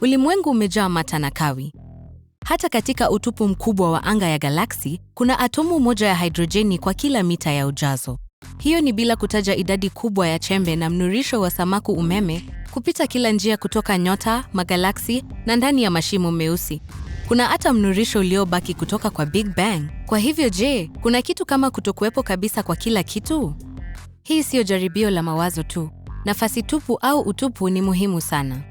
Ulimwengu umejaa mata na kawi Hata katika utupu mkubwa wa anga ya galaksi kuna atomu moja ya hidrojeni kwa kila mita ya ujazo. Hiyo ni bila kutaja idadi kubwa ya chembe na mnurisho wa samaku umeme kupita kila njia kutoka nyota, magalaksi na ndani ya mashimo meusi. Kuna hata mnurisho uliobaki kutoka kwa Big Bang. Kwa hivyo je, kuna kitu kama kutokuwepo kabisa kwa kila kitu? Hii siyo jaribio la mawazo tu. Nafasi tupu au utupu ni muhimu sana.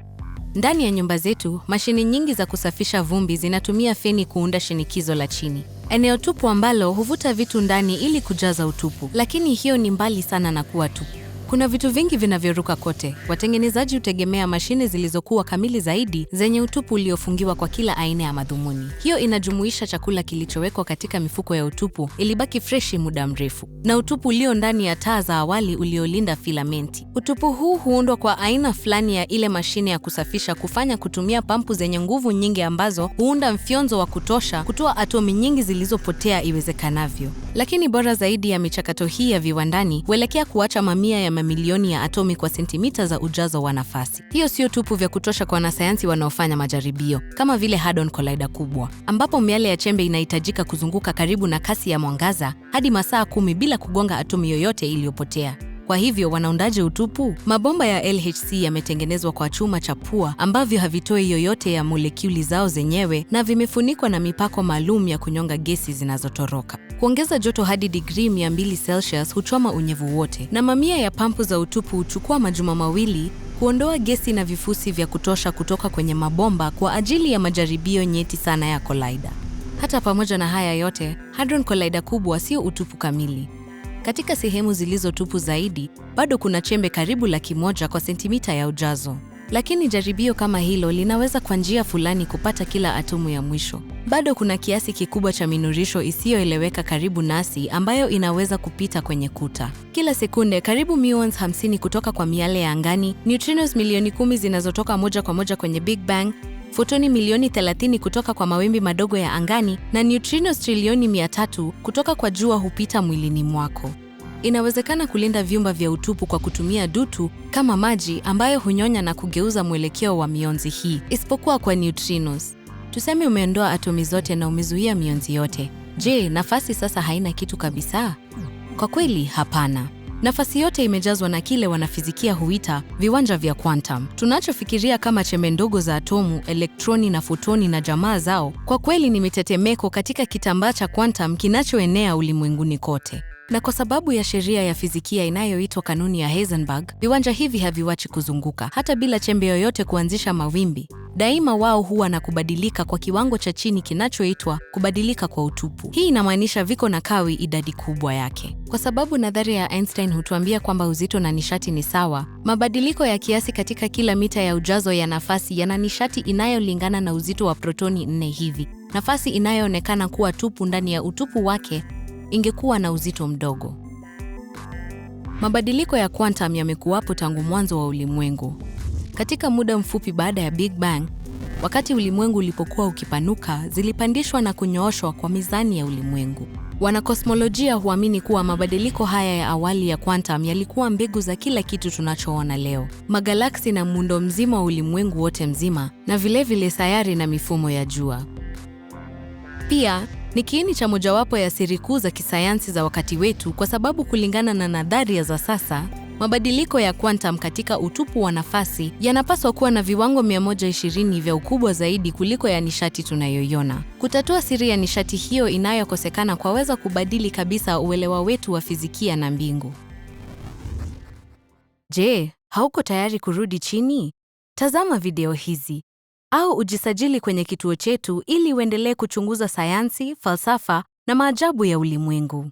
Ndani ya nyumba zetu, mashine nyingi za kusafisha vumbi zinatumia feni kuunda shinikizo la chini, eneo tupu ambalo huvuta vitu ndani ili kujaza utupu, lakini hiyo ni mbali sana na kuwa tupu. Kuna vitu vingi vinavyoruka kote. Watengenezaji hutegemea mashine zilizokuwa kamili zaidi, zenye utupu uliofungiwa kwa kila aina ya madhumuni. Hiyo inajumuisha chakula kilichowekwa katika mifuko ya utupu ilibaki freshi muda mrefu, na utupu ulio ndani ya taa za awali uliolinda filamenti. Utupu huu huundwa kwa aina fulani ya ile mashine ya kusafisha kufanya kutumia pampu zenye nguvu nyingi ambazo huunda mfyonzo wa kutosha kutoa atomi nyingi zilizopotea iwezekanavyo. Lakini bora zaidi ya michakato hii ya viwandani huelekea kuacha mamia ya mamilioni ya atomi kwa sentimita za ujazo wa nafasi. Hiyo sio tupu vya kutosha kwa wanasayansi wanaofanya majaribio kama vile Hadron Collider kubwa, ambapo miale ya chembe inahitajika kuzunguka karibu na kasi ya mwangaza hadi masaa kumi bila kugonga atomi yoyote iliyopotea. Kwa hivyo wanaundaje utupu? Mabomba ya LHC yametengenezwa kwa chuma cha pua ambavyo havitoi yoyote ya molekuli zao zenyewe na vimefunikwa na mipako maalum ya kunyonga gesi zinazotoroka. Kuongeza joto hadi digrii mbili Celsius huchoma unyevu wote, na mamia ya pampu za utupu huchukua majuma mawili kuondoa gesi na vifusi vya kutosha kutoka kwenye mabomba kwa ajili ya majaribio nyeti sana ya kolaida. Hata pamoja na haya yote, Hadron Collider kubwa sio utupu kamili. Katika sehemu zilizotupu zaidi, bado kuna chembe karibu laki moja kwa sentimita ya ujazo. Lakini jaribio kama hilo linaweza kwa njia fulani kupata kila atomu ya mwisho. Bado kuna kiasi kikubwa cha minurisho isiyoeleweka karibu nasi ambayo inaweza kupita kwenye kuta. Kila sekunde karibu muons 50 kutoka kwa miale ya angani, neutrinos milioni kumi zinazotoka moja kwa moja kwenye Big Bang, fotoni milioni 30 kutoka kwa mawimbi madogo ya angani na neutrinos trilioni 300 kutoka kwa jua hupita mwilini mwako. Inawezekana kulinda vyumba vya utupu kwa kutumia dutu kama maji ambayo hunyonya na kugeuza mwelekeo wa mionzi hii, isipokuwa kwa neutrinos. Tuseme umeondoa atomi zote na umezuia mionzi yote. Je, nafasi sasa haina kitu kabisa? Kwa kweli, hapana. Nafasi yote imejazwa na kile wanafizikia huita viwanja vya quantum. Tunachofikiria kama chembe ndogo za atomu, elektroni na fotoni na jamaa zao, kwa kweli ni mitetemeko katika kitambaa cha quantum kinachoenea ulimwenguni kote. Na kwa sababu ya sheria ya fizikia inayoitwa kanuni ya Heisenberg, viwanja hivi haviwachi kuzunguka hata bila chembe yoyote kuanzisha mawimbi. Daima wao huwa na kubadilika kwa kiwango cha chini kinachoitwa kubadilika kwa utupu. Hii inamaanisha viko na kawi idadi kubwa yake. Kwa sababu nadharia ya Einstein hutuambia kwamba uzito na nishati ni sawa, mabadiliko ya kiasi katika kila mita ya ujazo ya nafasi yana nishati inayolingana na uzito wa protoni nne hivi. Nafasi inayoonekana kuwa tupu ndani ya utupu wake ingekuwa na uzito mdogo. Mabadiliko ya quantum yamekuwapo tangu mwanzo wa ulimwengu. Katika muda mfupi baada ya Big Bang, wakati ulimwengu ulipokuwa ukipanuka, zilipandishwa na kunyooshwa kwa mizani ya ulimwengu. Wanakosmolojia huamini kuwa mabadiliko haya ya awali ya quantum yalikuwa mbegu za kila kitu tunachoona leo, magalaksi na muundo mzima wa ulimwengu wote mzima, na vilevile vile sayari na mifumo ya jua. Pia ni kiini cha mojawapo ya siri kuu za kisayansi za wakati wetu, kwa sababu kulingana na nadharia za sasa, mabadiliko ya quantum katika utupu wa nafasi yanapaswa kuwa na viwango 120 vya ukubwa zaidi kuliko ya nishati tunayoiona. Kutatua siri ya nishati hiyo inayokosekana kwaweza kubadili kabisa uelewa wetu wa fizikia na mbingu. Je, hauko tayari kurudi chini? Tazama video hizi au ujisajili kwenye kituo chetu ili uendelee kuchunguza sayansi, falsafa na maajabu ya ulimwengu.